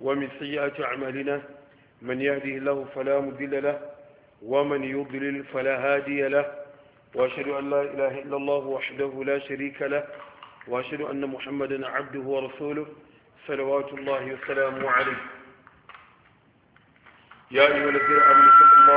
ومن سيئات أعمالنا من يهده الله فلا مضل له ومن يضلل فلا هادي له وأشهد أن لا إله إلا الله وحده لا شريك له وأشهد أن محمدا عبده ورسوله صلوات الله وسلامه عليه يا أيها الذين آمنوا اتقوا الله